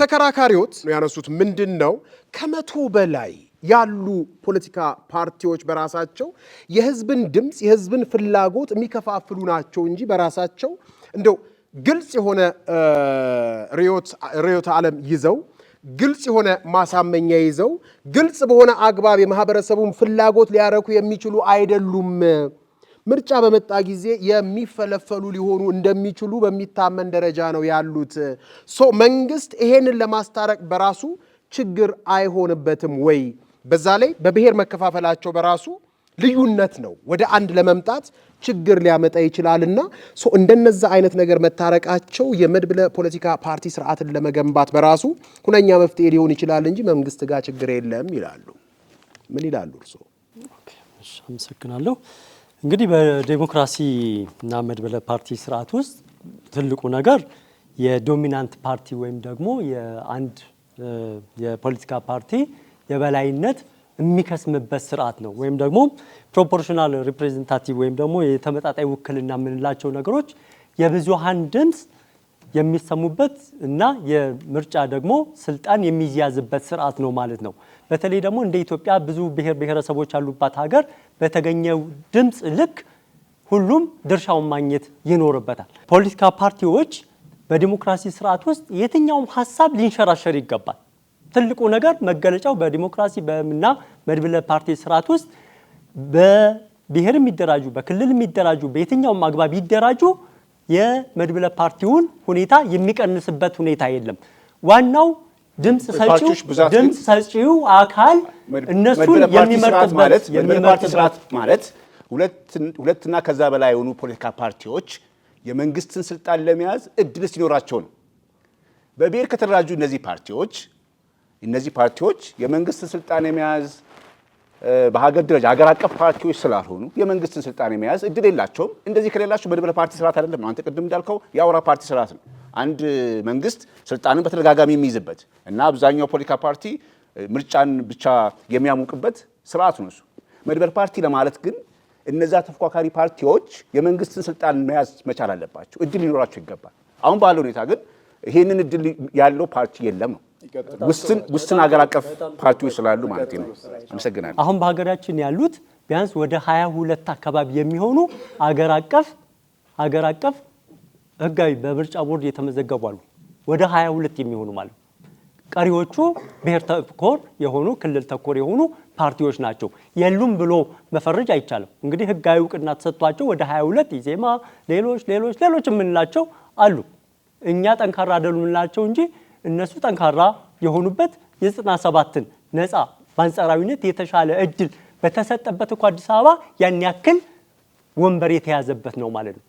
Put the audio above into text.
ተከራካሪዎች ያነሱት ምንድን ነው? ከመቶ በላይ ያሉ ፖለቲካ ፓርቲዎች በራሳቸው የህዝብን ድምፅ የህዝብን ፍላጎት የሚከፋፍሉ ናቸው እንጂ በራሳቸው እንደው ግልጽ የሆነ ርዕዮተ ዓለም ይዘው ግልጽ የሆነ ማሳመኛ ይዘው ግልጽ በሆነ አግባብ የማህበረሰቡን ፍላጎት ሊያረኩ የሚችሉ አይደሉም ምርጫ በመጣ ጊዜ የሚፈለፈሉ ሊሆኑ እንደሚችሉ በሚታመን ደረጃ ነው ያሉት። ሶ መንግስት ይሄንን ለማስታረቅ በራሱ ችግር አይሆንበትም ወይ? በዛ ላይ በብሔር መከፋፈላቸው በራሱ ልዩነት ነው፣ ወደ አንድ ለመምጣት ችግር ሊያመጣ ይችላልና እንደነዛ አይነት ነገር መታረቃቸው የመድብለ ፖለቲካ ፓርቲ ስርዓትን ለመገንባት በራሱ ሁነኛ መፍትሄ ሊሆን ይችላል እንጂ መንግስት ጋር ችግር የለም ይላሉ። ምን ይላሉ እርስዎ? አመሰግናለሁ። እንግዲህ በዴሞክራሲ እና መድበለ ፓርቲ ስርዓት ውስጥ ትልቁ ነገር የዶሚናንት ፓርቲ ወይም ደግሞ የአንድ የፖለቲካ ፓርቲ የበላይነት የሚከስምበት ስርዓት ነው። ወይም ደግሞ ፕሮፖርሽናል ሪፕሬዘንታቲቭ ወይም ደግሞ የተመጣጣኝ ውክልና የምንላቸው ነገሮች የብዙሀን ድምፅ የሚሰሙበት እና የምርጫ ደግሞ ስልጣን የሚያዝበት ስርዓት ነው ማለት ነው። በተለይ ደግሞ እንደ ኢትዮጵያ ብዙ ብሔር ብሔረሰቦች ያሉባት ሀገር በተገኘው ድምፅ ልክ ሁሉም ድርሻውን ማግኘት ይኖርበታል። ፖለቲካ ፓርቲዎች በዲሞክራሲ ስርዓት ውስጥ የትኛውም ሀሳብ ሊንሸራሸር ይገባል። ትልቁ ነገር መገለጫው በዲሞክራሲ እና መድብለ ፓርቲ ስርዓት ውስጥ በብሔር የሚደራጁ በክልል የሚደራጁ በየትኛውም አግባብ ይደራጁ የመድብለ ፓርቲውን ሁኔታ የሚቀንስበት ሁኔታ የለም። ዋናው ድምፅ ሰጪው ድምፅ ሰጪው አካል እነሱን የሚመርጥበት ማለት የመድብለ ፓርቲ ስርዓት ማለት ሁለትና ከዛ በላይ የሆኑ ፖለቲካ ፓርቲዎች የመንግስትን ስልጣን ለመያዝ እድል ሲኖራቸው ነው። በብሔር ከተደራጁ እነዚህ ፓርቲዎች እነዚህ ፓርቲዎች የመንግስትን ስልጣን የመያዝ በሀገር ደረጃ ሀገር አቀፍ ፓርቲዎች ስላልሆኑ የመንግስትን ስልጣን የመያዝ እድል የላቸውም። እንደዚህ ከሌላቸው መድበለ ፓርቲ ስርዓት አይደለም። አንተ ቅድም እንዳልከው የአውራ ፓርቲ ስርዓት ነው አንድ መንግስት ስልጣንን በተደጋጋሚ የሚይዝበት እና አብዛኛው ፖለቲካ ፓርቲ ምርጫን ብቻ የሚያሞቅበት ስርዓት ነው እሱ። መድበለ ፓርቲ ለማለት ግን እነዛ ተፎካካሪ ፓርቲዎች የመንግስትን ስልጣን መያዝ መቻል አለባቸው፣ እድል ሊኖራቸው ይገባል። አሁን ባለው ሁኔታ ግን ይህንን እድል ያለው ፓርቲ የለም ነው ውስን ሀገር አቀፍ ፓርቲዎች ስላሉ ማለት ነው። አመሰግናለሁ። አሁን በሀገራችን ያሉት ቢያንስ ወደ ሀያ ሁለት አካባቢ የሚሆኑ ሀገር አቀፍ ሀገር አቀፍ ህጋዊ በምርጫ ቦርድ የተመዘገቡ አሉ። ወደ ሀያ ሁለት የሚሆኑ ማለት ቀሪዎቹ ብሔር ተኮር የሆኑ ክልል ተኮር የሆኑ ፓርቲዎች ናቸው። የሉም ብሎ መፈረጅ አይቻልም። እንግዲህ ህጋዊ እውቅና ተሰጥቷቸው ወደ 22 ኢዜማ፣ ሌሎች ሌሎች ሌሎች የምንላቸው አሉ። እኛ ጠንካራ አይደሉም እንላቸው እንጂ እነሱ ጠንካራ የሆኑበት የዘጠና ሰባትን ነፃ በአንጻራዊነት የተሻለ እድል በተሰጠበት እኮ አዲስ አበባ ያን ያክል ወንበር የተያዘበት ነው ማለት ነው።